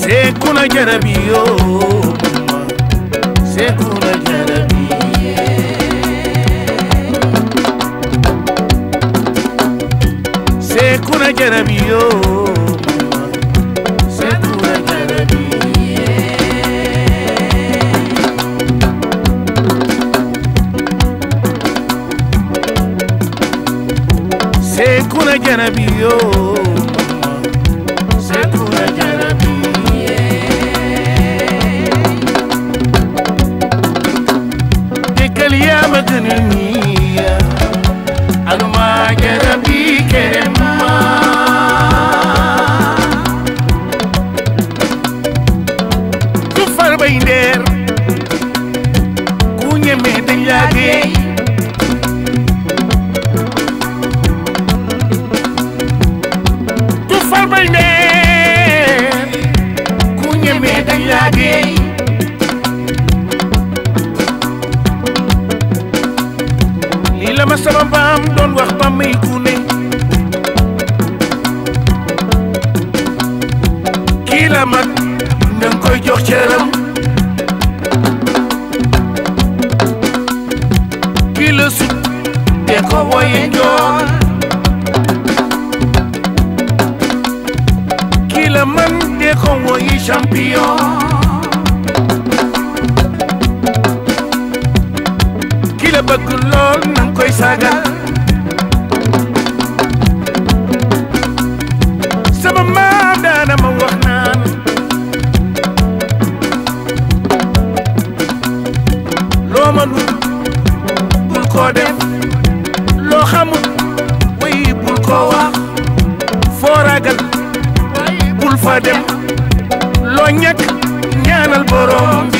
Se jarabiyo Sekuna jarabiye oh, Sekuna jarabiyo Se Sekuna janabi yo Sekuna janabi Tekaliya magananiya Aluma janabi kerema farba baynder Kunye meden yagey Zahra la ma sama baam doon wax ba may gune kii la mag nanga koy jox cëram kii la sut te ko woye njoor kii la man la bëgg lool na nga koy sagal sama maa daana ma wax naan loo mënul bul koo def loo xamul way bul koo wax foo ragal bul fa loo ñàkk ñaanal borom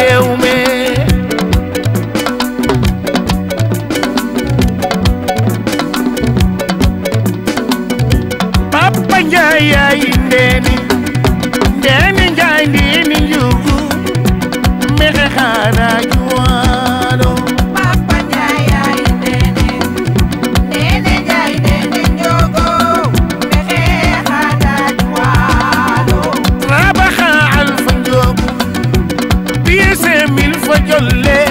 eu me your leg.